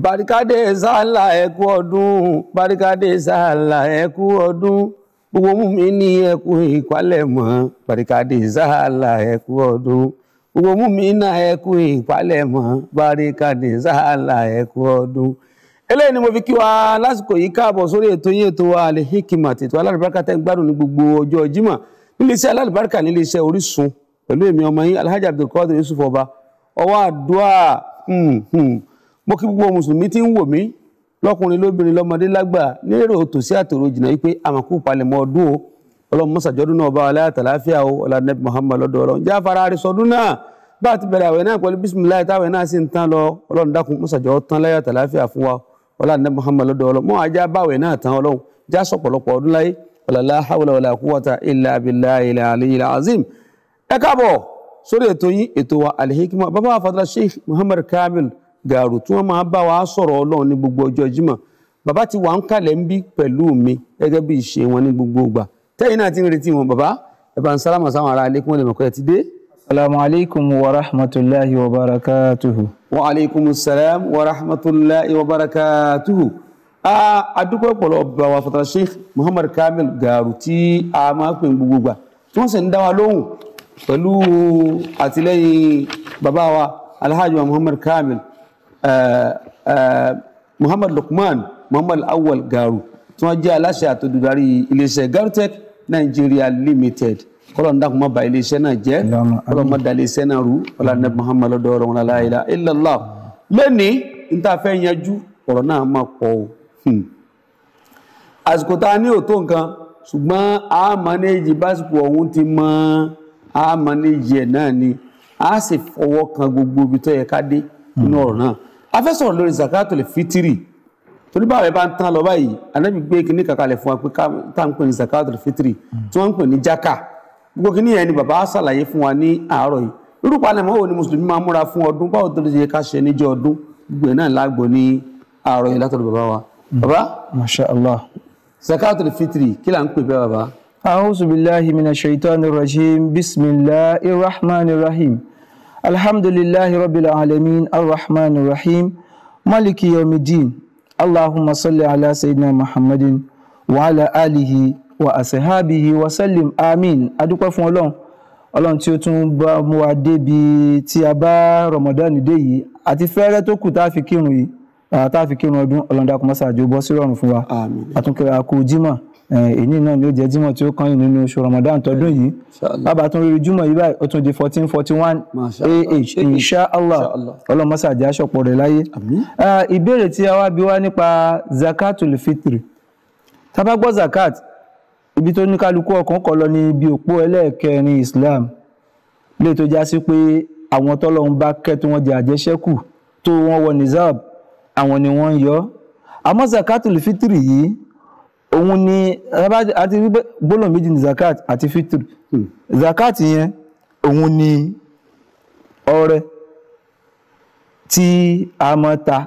barikade sala ẹ kú ọdún barikade sala ẹ kú ọdún gbogbo mú mi ní ẹ kú ìpalẹ̀mọ́ barikade sala ẹ kú ọdún gbogbo mú mi ná ẹ kú ìpalẹ̀mọ́ barikade sala ẹ ọdún. eléyìí ni mo fi kí wa lásìkò yìí káàbọ̀ sórí ètò yín ètò Al-Hikmat ètò alálùbáríkà tẹ́ ń gbádùn ní gbogbo ọjọ́ Jímọ̀ níléeṣẹ́ alálùbáríkà níléeṣẹ́ Orísun pẹ̀lú èmi ọmọ yín Alhaji Abdulkadir Yusuf Ọba ọwọ́ àdúrà hmm, hmm mo kí gbogbo mùsùlùmí tí ń wò mí lọ́kùnrin lóbìnrin lọ́mọdé lágbà lérò tòsí àtòrò jìnnà wípé àmọ̀kú palẹ̀mọ́ ọdún o ọlọ́run mọ́sàjọ́dún náà bá wa láyà tàlàáfíà o ọlá nẹ́bí Muhammad lọ́dọ̀ ọlọ́run jẹ́ afárá rẹ̀ sọdún náà bá a ti bẹ̀rẹ̀ àwẹ̀ náà pẹ̀lú bísímìláì táwẹ̀ náà sì ń tán lọ ọlọ́run dákun mọ́sàjọ́ tán láyà tàlàáfíà fún wa ọlá nẹ́bí Muhammad lọ́dọ̀ ọlọ́run mọ́ ajá báwẹ̀ náà tán ọlọ́run já sọ̀pọ̀lọpọ̀ ọdún láyé wa alihikima bàbá àfàdúrà Sheikh Muhammad Kamil gàrò tí wọ́n máa bá wa sọ̀rọ̀ ọlọ́run ní gbogbo ọjọ́ jímọ̀ bàbá ti wà ń kalẹ̀ ń bí pẹ̀lú mi gẹ́gẹ́ bí ìṣe wọn ní gbogbo ìgbà tẹ́yìn náà ti ń retí wọn bàbá ẹ bá ń sálámà sáwọn ará alẹ́ kí wọ́n lè mọ̀ pé ẹ ti dé. Assalamu alaikum wa rahmatullahi wa barakatuhu. Wa alaikum salam wa rahmatullahi wa barakatuhu. A dúpẹ́ pọ̀lọ̀ bá wa fọ́tà Sheikh Muhammad Kamil Garu tí a máa pè gbogbo gbà tí wọ́n sì ń dá wa lóhùn pẹ̀lú àtìlẹ́yìn bàbá wa Alhaji Muhammad Kamil Muhammad Lukman Muhammad Awal Garu tí wọ́n jẹ́ aláṣẹ àtòdùdarí iléeṣẹ́ Garutech Nigeria Limited kọlọ́n dàkún má bà iléeṣẹ́ náà jẹ́ kọlọ́n má da iléeṣẹ́ náà rú ọlọ́dẹ Muhammad lọ́dọ̀ ọ̀rọ̀ wọn aláìlá ilàlá lẹ́ni níta fẹ́ yanjú ọ̀rọ̀ náà má pọ̀ o hmm. àsìkò tá a ní òtó nǹkan ṣùgbọ́n a manéjì básìkò ọ̀hún ti mọ a manéjì ẹ̀ náà ni a sì fọwọ́ kan gbogbo ibi tó yẹ ká dé nínú hmm. ọ̀rọ̀ náà a fẹ́ sọ̀rọ̀ lórí zakatul fitiri torí báwo ẹ bá ń tán lọ báyìí anábì gbé kinní kàkalẹ̀ fún wa pé tá à ń pè ní zakatul fitiri tí wọ́n ń pè ní jaka gbogbo kinní yẹn ni bàbá á ṣàlàyé fún wa ní àárọ̀ yìí irú palẹ̀mọ́ wo ni mùsùlùmí máa múra fún ọdún báwo tó lè ṣe ká ṣe níjọ́ ọdún gbogbo náà lágbo ní àárọ̀ yìí látọ̀dọ̀ bàbá wa. bàbá zakatul fitiri kí là ń pè bẹ́ẹ̀ bàbá alhamdulillahi rabbil alamin arrahmanir rahim maliki yawmiddin allahumma salli ala sayyidina muhammadin wa ala alihi wa asahabihi wa sallim amin adúpẹ́ fún ọlọ́run ọlọ́run tí ó tún bá mú wa débi tí a bá rọmọdánù dé yìí àti fẹ́rẹ́ tó kù tá fi kírun yìí tá a fi kírun ọdún ọlọ́run dákun mọ́sàájú bọ́ sí rọrùn fún wa àtúnkẹ́ra kú jímọ̀ Eh, èyí náà ni ó jẹ́ jímọ̀ tí ó kàn yín nínú oṣù Ramadan tọdún eh, yìí bàbá tó ń rí jímọ̀ yìí báyìí ó tún di fourteen forty one eh, ah insha allah ọlọmọsàjẹ aṣọpọ rẹ láyé ìbéèrè tí a wá bí wá nípa zakatul fitri tá bá gbọ́ zakat ibi tó ní kálukú ọkàn kọ lọ ní ibi òpó ẹlẹ́ẹ̀kẹrin Islam lè tó já sí pé àwọn tọ́lọ́hun bá kẹ́ tí wọ́n jẹ àjẹṣẹ́kù tó wọ́n wọ nizab àwọn ni wọ́n ń yọ àmọ́ zakatul fitri yìí òun ni àti wípé gbólóhùn méjì ni zakat àti fitr hmm. zakat yẹn òun ni ọrẹ tí a mọ ta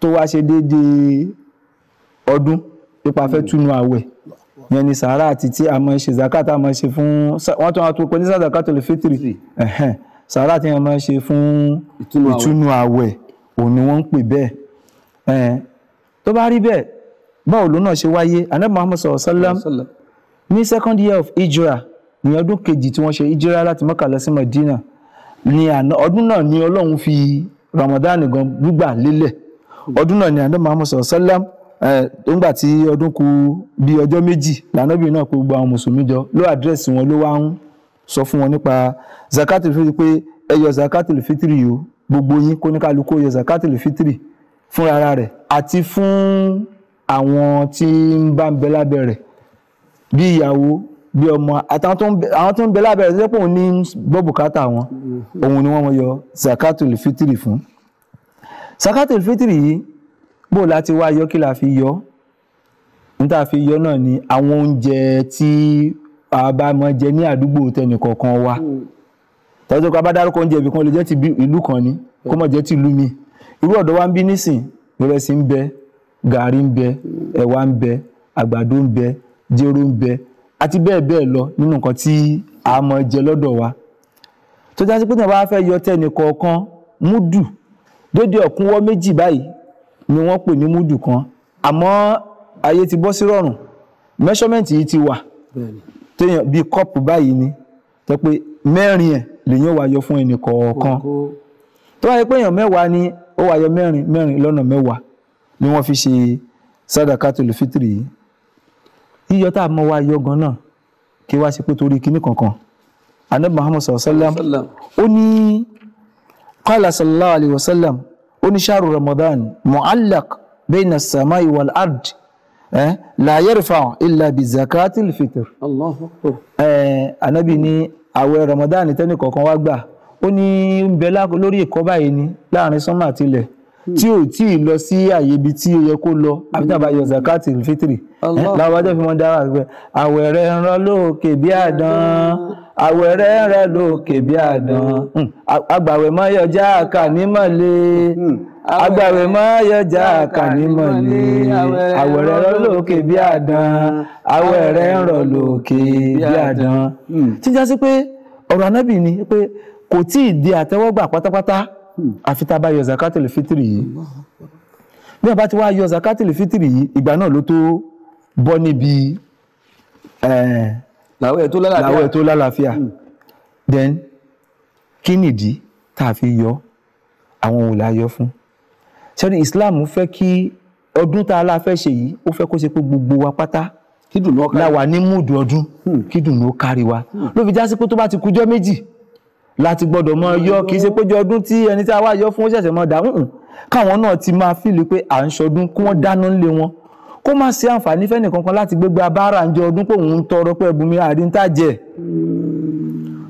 tó wá ṣe déédéé ọdún nípa fẹ́ hmm. túnú àwẹ̀ yẹn ni sàárà àti tí a máa ń ṣe zakat a máa ń ṣe fún wọn tún àtúntò pé ní zakat olè fitiri sàárà tí yẹn máa ṣe fún ìtúnu àwẹ̀ òun ni wọ́n ń pè bẹ́ẹ̀ tó bá rí bẹ́ẹ̀ báwo ló náà ṣe wáyé anabi muhammad sallallahu alayhi sallam ní second year of hijra ní ọdún kejì tí wọ́n ṣe hijra láti mọ́kà lọ sí medina ní ọdún náà ni ọlọ́run fi ramadan gan gbígbà lélẹ̀ ọdún náà ni anabi muhammad sallallahu alayhi sallam nígbà tí ọdún kù bíi ọjọ́ méjì lànàbì náà kó gbogbo àwọn mùsùlùmí jọ ló àdírẹ́sì wọn ló wá ń sọ fún wọn nípa zakatul fitri pé ẹ yọ zakatul yìí gbogbo yín kó ní kálukú yọ fúnra rẹ̀ àti fún àwọn tí ń bá ń bẹ lábẹ́ rẹ̀ bí ìyàwó bí ọmọ àtàwọn tó ń bẹ lábẹ́ rẹ̀ tó pọ̀ ní gbọ́ bùkátà wọn òun ni wọ́n mọ yọ zakatul fitiri fún zakatul fitiri yìí bó láti wá yọ kí la fi yọ níta fi yọ náà ni àwọn oúnjẹ tí àbá mọ jẹ ní àdúgbò tẹnì kọ̀ọ̀kan wa tọ́jú pé abádárúkọ oúnjẹ ibì lè jẹ́ ti ìlú kan ni kó mọ̀ jẹ́ ti ìlú mi irú ọ̀dọ́ wa ń bí nísìn ìrẹsì ń bẹ gàrí ń bẹ ẹ̀wà ń bẹ àgbàdo ń bẹ jéró ń bẹ àti bẹ́ẹ̀ bẹ́ẹ̀ lọ nínú nǹkan tí a mọ̀ jẹ lọ́dọ̀ wa tó jásí pé tí fẹ́ yọ tẹ́nì kọ̀ọ̀kan múdù dédé ọ̀kúnwọ́ méjì báyìí ni wọ́n pè ní múdù kan àmọ́ ayé ti bọ́ sí rọrùn measurement yìí ti wà téèyàn bíi kọ́ọ̀pù báyìí ni tó pé mẹ́rin ẹ̀ lèyàn wá yọ fún ẹnì kọ̀ọ̀kan tó wáyé pé èèyàn mẹ́wàá ni ó wá yọ mẹ́rin mẹ́rin lọ́nà mẹ́wàá ni wọ́n fi ṣe sadakatul fitri yìí yíyọ tá a mọ wa yọ gan náà kí wá sí pé torí kinní kankan anabi muhammad sallallahu alayhi wa sallam ó qala sallallahu alayhi wa sallam ó ní shahru ramadan mu'allaq bayna as-samai wal ard eh, la yarfa illa bi zakatil fitr. Allahu akbar. Eh, anabi ní àwẹ̀ ramadan tẹ́nì kọ̀ọ̀kan wá gbà ó ní ń bẹ lórí ìkọ́ báyìí ní láàrin sánmà àti Hmm. tí ò tí ì lọ sí àyè ibi tí ó yẹ kó lọ àbí tàbá yọ zakati fitiri làwọn ọjọ́ fi mọ́ dára pé àwẹ̀ rẹ̀ ń rán lóòkè bí àdán àwẹ̀ rẹ̀ ń rán lóòkè bí àdán hmm. agbàwẹ̀ má yọjá àkà nímọ̀lẹ́ hmm. agbàwẹ̀ má yọjá àkà nímọ̀lẹ́ àwẹ̀ rẹ̀ rán lóòkè bí àdán àwẹ̀ ń rán lóòkè bí àdán. tíjà sí pé ọ̀rọ̀ anábì ni pé kò tí ì di àtẹ́wọ́gbà pátápátá àfi tá a bá yọ zakatul fitiri yìí bí a bá ti wá yọ zakatul fitiri yìí ìgbà náà ló tó bọ́ níbi eh, làwẹ̀ tó lálàáfíà hmm. then kí nìdí tá a fi yọ àwọn òun là yọ fún sẹ́ni Islam fẹ́ kí ọdún tá a la fẹ́ ṣe yìí ó fẹ́ kó ṣe pé gbogbo wa pátá láwa ní múùdù ọdún kí dùnú ó kárí wa hmm. hmm. ló fi já sí pé tó bá ti kújọ́ méjì láti gbọ́dọ̀ mọ yọ kì í ṣe péjọ ọdún tí ẹni tí a wá yọ fún ó ṣẹ̀ṣẹ̀ mọ dàrún káwọn náà ti máa fìlì pé à ń ṣọdún kí wọ́n dáná ńlé wọn kó má ṣe àǹfààní fẹ́nì kankan láti gbégbé abára ń jẹ ọdún pé òun ń tọrọ pé ẹ̀bùn mi àrí ń tà jẹ.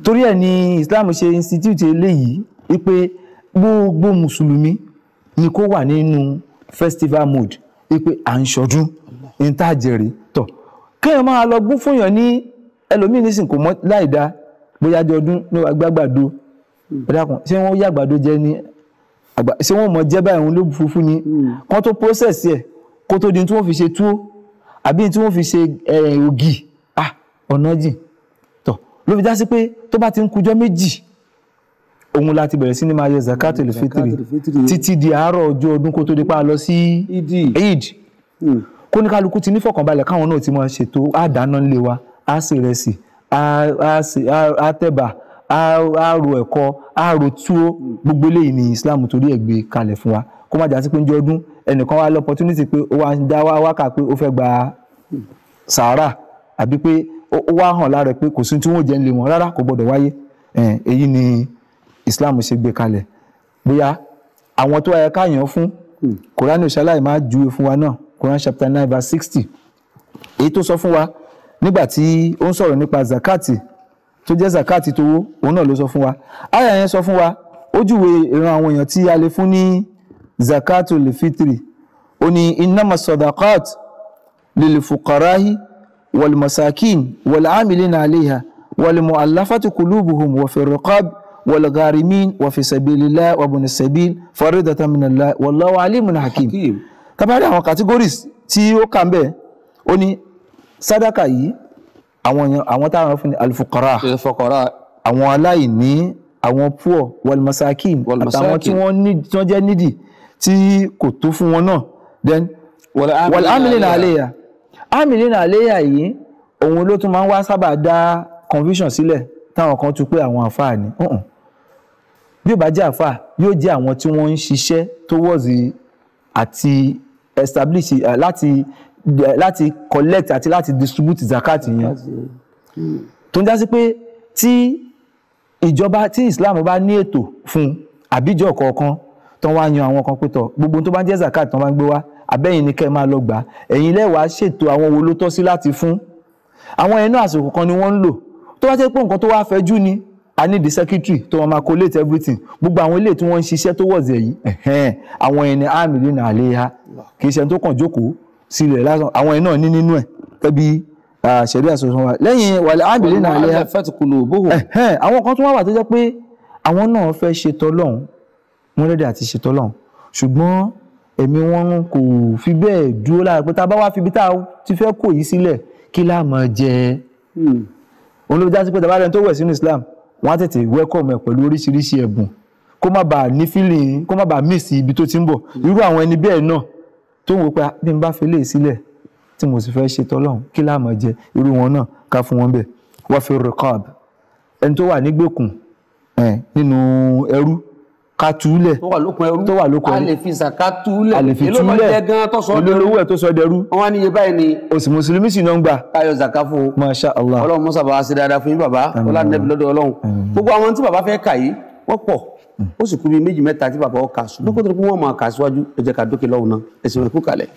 torí ẹ̀ ni Islam ṣe institute eléyìí wípé gbogbo mùsùlùmí ni kó wà nínú festival mood wípé à ń ṣọdún ń tà jẹrè tọ̀ kéèyàn máa lọ gún fún yàn ní ẹlòmíín nísìnyí kò mọ̀ láì dáa bóyá jẹ ọdún ní wàá gbàgbàdo ẹ dákun ṣé wọ́n yá àgbàdo jẹ ní àgbà ṣé wọ́n mọ̀ jẹ́ báyìí òun ló funfun ni wọ́n hmm. tó process ẹ̀ kó tó di tí wọ́n fi ṣe túwó àbí tí wọ́n fi ṣe ògì ah ọ̀nà jìn tọ̀ ló fi já sí pé tó bá ti ń kujọ́ méjì òun la ti bẹ̀rẹ̀ sí ni máa yọ zakat olùfitiri hmm, títí di àárọ̀ ọjọ́ ọdún kó tó di pa lọ sí eid hmm. kóníkálukú ti nífọ̀kànbalẹ̀ káwọn náà ti máa ṣètò àdáná ńlé wa á á tẹ̀bà á ro ẹ̀kọ́ á ro túwó gbogbo eléyìí ni Islam torí ẹ̀ gbé kalẹ̀ fún wa kó má jásí pé ń jẹ ọdún ẹnìkan wá lọ́pọ̀tunítì pé ó wá ń dá wákà pé ó fẹ́ gba sàárà àbí pé ó wá hàn lára pé kò sí tí wọ́n jẹ́ ń lé wọn rárá kò gbọ́dọ̀ wáyé èyí ni Islam ṣe gbé kalẹ̀ bóyá àwọn tó ayẹ káyàn fún Quran ṣaláì máa júwe fún wa náà Quran chapter nine verse sixty èyí tó sọ fún wa nígbà tí ó ń sọ̀rọ̀ nípa zakati tó jẹ́ zakati tó wó òun náà ló sọ fún wa àyà yẹn sọ fún wa ó júwe ìran àwọn èèyàn tí a lè fún ní zakatu lè fitri ó ní innama sadaqat lil fuqarahi wal masakin wal amilina alayha wal mu'allafati qulubuhum wa fi riqab wal gharimin wa fi sabilillah wa ibn sabil faridatan minallah wallahu alimun hakim tabari àwọn categories tí ó kà ń bẹ́ẹ̀ ó ní sádàkà yìí àwọn èèyàn àwọn táwọn fún ni alifukara alifukara àwọn aláìní àwọn poor walmasakin àtàwọn tí wọ́n jẹ́ nídìí tí kò tó fún wọn náà then wàlámìlínà àléyà àmìlínà àléyà yìí òun ló tún máa ń wá sábà dá confusion sílẹ̀ táwọn kan tún pé àwọn afa, ni bí ó bá jẹ́ àfáà yóò jẹ́ àwọn tí wọ́n ń ṣiṣẹ́ towards àti establish láti láti collect àti láti distribute zakat yẹn hmm. tó ń jásí pé tí ìjọba tí Islam bá ní ètò fún àbíjọ kọ̀ọ̀kan tó wá yan àwọn kan pétọ̀ gbogbo tó bá jẹ́ zakat tó bá ń gbé wá abẹ́yìn ni kẹ́ ẹ máa lọ gbà ẹ̀yin lẹ́wàá ṣètò àwọn wo ló tọ́ sí láti fún àwọn ẹnu àsìkò kan ni wọ́n ń lò tó bá jẹ́ pé nǹkan tó wá fẹjú ni a need the secretary tó wọn máa collate everything gbogbo àwọn ilé tí wọ́n ń ṣiṣẹ́ tó wọ̀ọ̀dì ẹ̀yìn àwọn ẹni àmì lónà àléyà kì í ṣe tó kàn jókòó sílẹ̀ lásán àwọn ẹ̀ náà ní nínú ẹ̀ kẹ́bi ṣẹ̀rí àṣọṣọ wa lẹ́yìn wàlẹ̀ ábìlẹ̀ náà lẹ́yà àwọn kan tó wá wà tó jẹ́ pé àwọn náà fẹ́ ṣe tọ́lọ́hún wọ́n lẹ́dẹ̀ àti ṣe tọ́lọ́hún ṣùgbọ́n ẹ̀mí wọn kò fi bẹ́ẹ̀ dúró lára pé tá a bá wá fi ibi tá a ti fẹ́ kó yìí sílẹ̀ kí láà máa hmm. òun ló jásí pé tàbá rẹ̀ tó wẹ̀ sínú Islam wọ́n á tètè wẹ́kọ̀mù ẹ̀ pẹ̀lú oríṣiríṣi ẹ̀bùn kó má bàa ní feeling kó má bàa miss ibi tó ti ń bọ̀ irú àwọn ẹni bẹ́ẹ̀ náà tó ń wo pé ah, bí n bá fi lè sílẹ̀ tí mo sì fẹ́ ṣe tọ́lọ́hún kí láàmọ̀ jẹ irú wọn náà ká fún wọn bẹ̀ wọ́n fi rìkọ́b ẹni tó wà nígbèkùn nínú ẹrú ká túlẹ̀ tó wà lókun ẹrú a lè fi zaka túlẹ̀ a lè fi túlẹ̀ èló ló jẹ gan tó sọ dẹrú èló lówó ẹ tó sọ dẹrú. wọn ní iye báyìí ni. òsì mùsùlùmí sì náà ń gbà. ká zaka fún o. masha allah ọlọ́run musa bá a ṣe dáadáa fún yín bàbá ọlọ́run nẹ́bí lọ́dọ̀ ọlọ́run. gbogbo àwọn tí bàbá fẹ́ kà yìí wọ́n pọ̀ ó sì kú bíi méjì mẹ́ta tí bàbá ọ kà ṣùgbọ́n kó tó di pé wọ́n máa kà síwájú ẹ jẹ́ dókè lọ́hùn náà ẹ̀sìn rẹ̀ kalẹ̀.